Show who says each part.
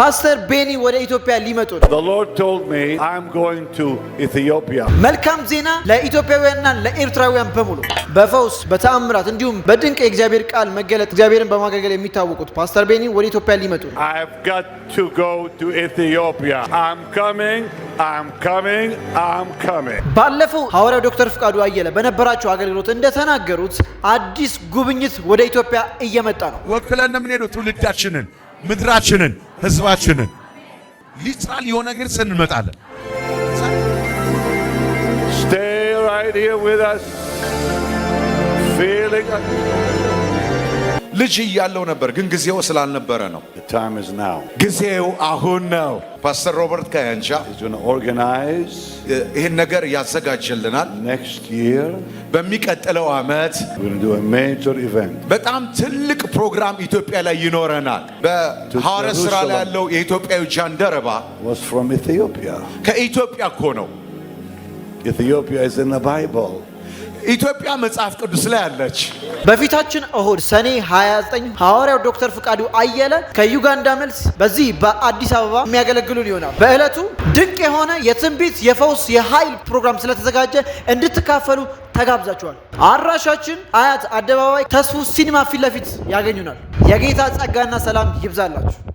Speaker 1: ፓስተር ቤኒ ወደ ኢትዮጵያ ሊመጡ
Speaker 2: ነው።
Speaker 1: መልካም ዜና ለኢትዮጵያውያንና ለኤርትራውያን በሙሉ በፈውስ በተአምራት እንዲሁም በድንቅ የእግዚአብሔር ቃል መገለጥ እግዚአብሔርን በማገልገል የሚታወቁት ፓስተር ቤኒ ወደ ኢትዮጵያ ሊመጡ ነው። ባለፈው ሐዋርያው ዶክተር ፍቃዱ አየለ በነበራቸው አገልግሎት እንደተናገሩት አዲስ ጉብኝት ወደ ኢትዮጵያ እየመጣ
Speaker 3: ነው። ወክለን ነው የምንሄደው ትውልዳችንን ምድራችንን፣ ህዝባችንን ሊትራል የሆነ ነገር ስንመጣለን።
Speaker 2: Stay right here with us. Feeling like...
Speaker 1: ልጅ እያለው ነበር፣ ግን ጊዜው ስላልነበረ ነው። ጊዜው አሁን ነው። ፓስተር ሮበርት ካያንቻ ይህን ነገር ያዘጋጅልናል። በሚቀጥለው ዓመት በጣም ትልቅ ፕሮግራም ኢትዮጵያ ላይ ይኖረናል። በሐዋረ ሥራ ላይ ያለው የኢትዮጵያዊ ጃንደረባ ከኢትዮጵያ እኮ ነው። ኢትዮጵያ ኢትዮጵያ መጽሐፍ ቅዱስ ላይ አለች። በፊታችን እሁድ ሰኔ 29 ሐዋርያው ዶክተር ፍቃዱ አየለ ከዩጋንዳ መልስ በዚህ በአዲስ አበባ የሚያገለግሉን ይሆናል። በዕለቱ ድንቅ የሆነ የትንቢት የፈውስ፣ የኃይል ፕሮግራም ስለተዘጋጀ እንድትካፈሉ ተጋብዛችኋል። አድራሻችን አያት አደባባይ ተስፉ ሲኒማ ፊት ለፊት ያገኙናል። የጌታ ጸጋና ሰላም ይብዛላችሁ።